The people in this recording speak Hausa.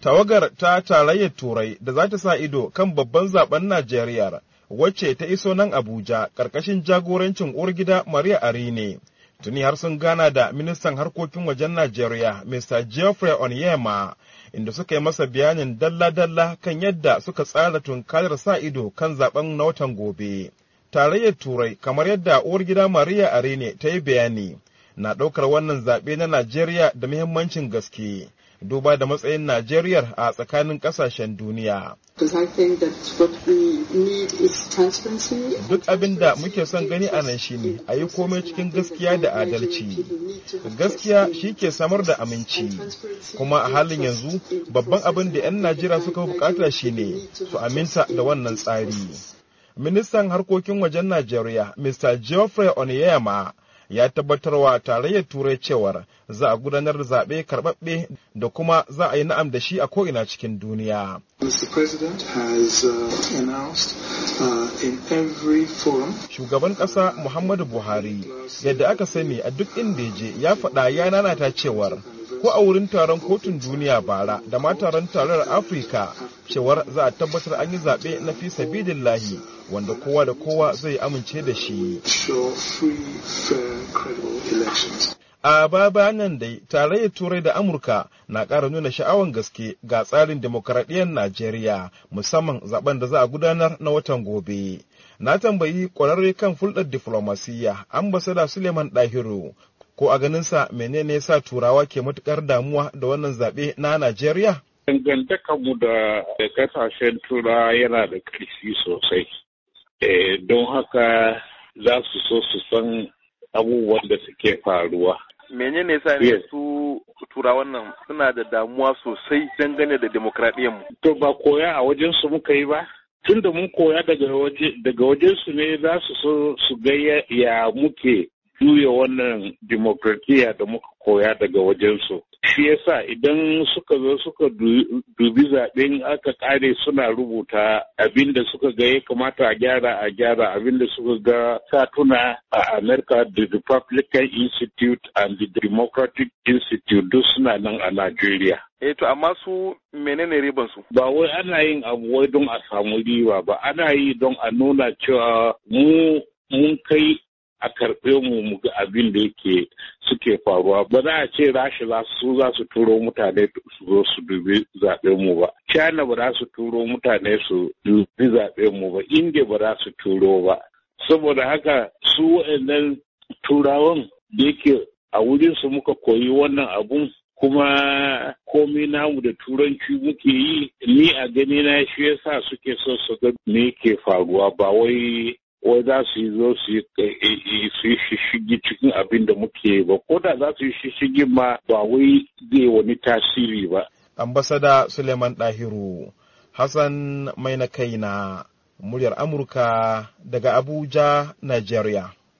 tawagar ta tarayyar turai da za ta sa ido kan babban zaben najeriya wacce ta iso nan abuja ƙarƙashin jagorancin uwargida maria arine tuni har sun gana da ministan harkokin wajen najeriya mr geoffrey onyema inda suka yi masa bayanin dalla-dalla kan yadda suka tsara tunkarar sa ido kan zaben na watan gobe tarayyar turai kamar yadda uwargida maria arine ta yi bayani na ɗaukar wannan zaɓe na najeriya da muhimmancin gaske duba da matsayin Najeriya a tsakanin kasashen duniya. Duk abin da muke son gani a nan shine a yi komai cikin gaskiya da adalci. Gaskiya shi ke samar da aminci, kuma a halin yanzu babban abin da 'yan Najeriya suka bukata shine su aminta da wannan tsari. Ministan harkokin wajen Najeriya, Mr. Geoffrey Onyema, ya tabbatarwa tarayyar turai cewar za a gudanar da zaɓe karɓaɓɓe da kuma za a yi na'am da shi a ko'ina cikin duniya. Uh, uh, Shugaban ƙasa Muhammadu Buhari yadda aka sani a duk inda ya je ya faɗa ya nanata cewar ko a wurin taron kotun duniya bara da ma taron tarar afirka cewar za a tabbatar an yi zaɓe na fi sabidillahi wanda kowa da kowa zai amince da shi a baya nan dai tarayyar turai da amurka na ƙara nuna sha'awan gaske ga tsarin demokaradiyyar najeriya musamman zaben da za a gudanar na watan gobe na tambayi ƙwararre kan fulɗar diflomasiyya ambasada suleiman ɗahiru ko a ganinsa menene ya sa turawa ke matukar damuwa da wannan zaɓe na najeriya mu da kasashen turawa yana da ƙarfi sosai eh, don haka za su so su san abubuwan da suke faruwa menene sa ne su tura nan suna da damuwa sosai dangane da demokradiyyar mu to ba koya a wajen su muka yi ba tun da mun koya daga wajensu daga wajen su ne za su so su ga ya muke juya wannan demokratiya da muka koya daga wajensu. Shi yasa idan suka zo suka dubi zaɓen aka ƙare suna rubuta abin da suka ga ya kamata a gyara a gyara abin da suka ga satuna a America the Republican Institute and the Democratic Institute duk suna nan a Najeriya. Eh to amma su menene ribansu? Ba wai ana yin abu wai don a samu riba ba ana yi don a nuna cewa mu mun kai a karɓe mu mu ga abin da yake suke faruwa ba za a ce rashi su za su turo mutane su zo su dubi zaɓe mu ba china ba za su turo mutane su dubi zaɓe mu ba india ba za su turo ba saboda haka su waɗannan turawan da yake a wurin su muka koyi wannan abun kuma komi namu da turanci muke yi ni a gani na shi yasa suke so su ga me yake faruwa ba wai wai za su zo eh, eh, su yi shishigi cikin abin da muke ba ko da za su yi shishigi ma ba wai zai wani tasiri ba. ambasada suleiman dahiru hassan mai na kai na muryar amurka daga abuja nigeria